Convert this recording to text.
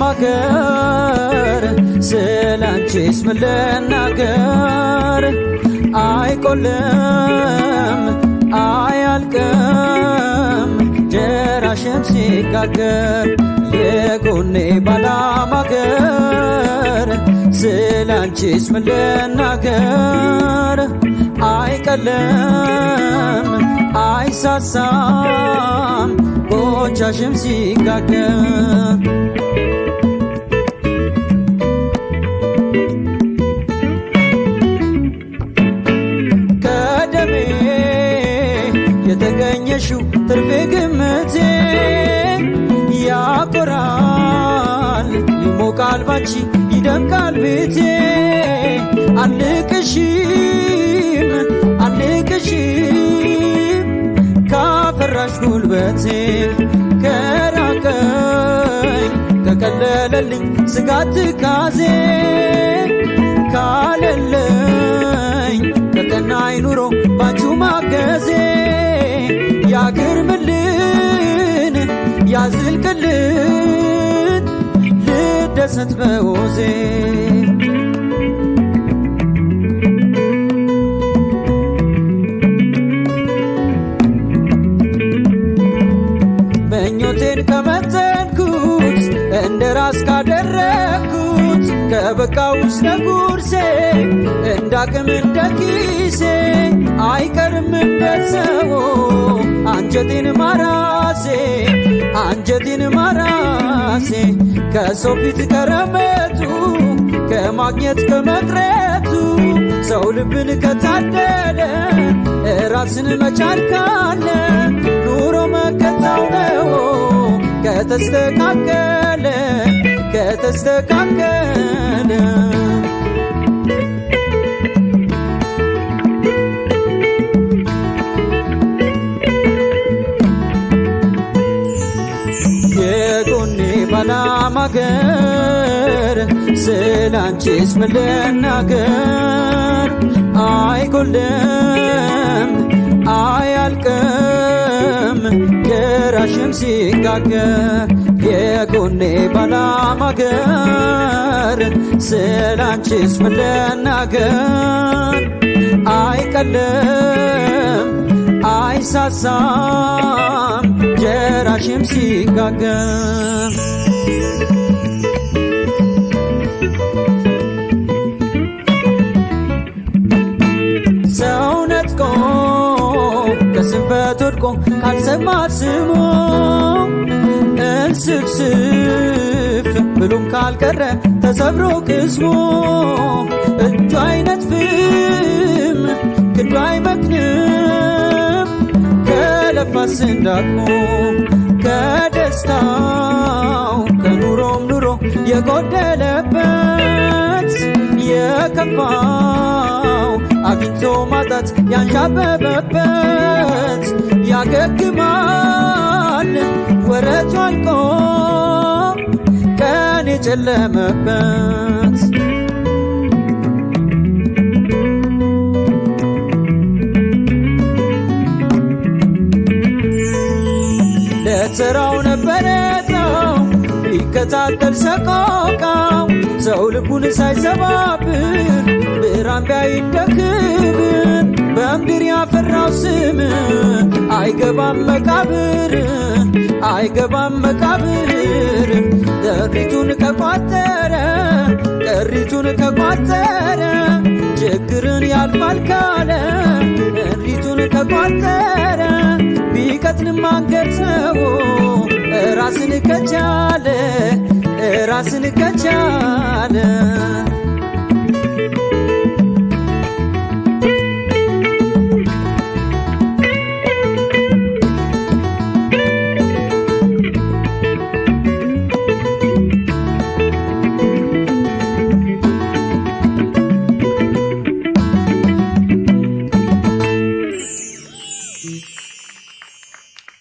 ማገር ስላንቺስ ምን ልናገር አይቆልም አያልቅም ጀራሽን ሲጋገር የጎኔ ባላማገር ስላንቺስ ምን ልናገር አይቀልም አይሳሳም ጎቻሽም ሲጋገር የተገኘሹ ትርፌ ግምቴ ያኮራል ይሞቃል ባንቺ ይደምቃል ቤቴ አልቅሽም አልቅሽም ካፈራሽ ጉልበቴ ከራቀኝ ከቀለለልኝ ስጋት ትካዜ ካለለኝ ከቀናይ ኑሮ ባንቺው ማገዜ ላዝልቅልት ልደሰት በወዜ ምኞቴን ከመጠንኩት እንደ ራስ ካደረግኩት ከበቃው ስለ ጉርሴ እንዳቅም እንደ ኪሴ አይቀርም እንደሰዎች አንጀቴን ማራሴ አንጀቴን ማራሴ ከሰው ፊት ከረመቱ ከማግኘት ከመቅረቱ ሰው ልብን ከታደለ ራስን መቻል ካለ ኑሮ መከታው ነው ከተስተካከለ ከተስተካከለ ስላንቺስ ምን ልናገር? አይጎልም አያልቅም ደራሽም ሲጋገር የጎኔ ባላማገር ስላንቺስ ምን ልናገር? አይ አይሳሳም ጀራሽም ሲጋገር ወድቆ ካልሰማ ስሞ እንስፍስፍ ብሎም ካልቀረ ተሰብሮ ቅስሞ እጁ አይነጥፍም ክንዱ አይመክንም ከለፋስ እንዳቅሙ ከደስታው ከኑሮም ኑሮ የጎደለበት የከፋው አግኝቶ ማጣት ያንዣበበበት የለመበት ለተራው ነበረ ነው ይከታተል ሰቆቃው ሰው ልቡን ሳይሰባብር ብራን ቢያይደክብር በምድር ያፈራው ስም አይገባም መቃብር አይገባም መቃብር ለሪቱን ከቋጠረ ቀሪቱን ከቋጠረ ችግርን ያልፋል ካለ እሪቱን ከቋጠረ ቢቀትንም አንገት ራስን ከቻለ ራስን ከቻለ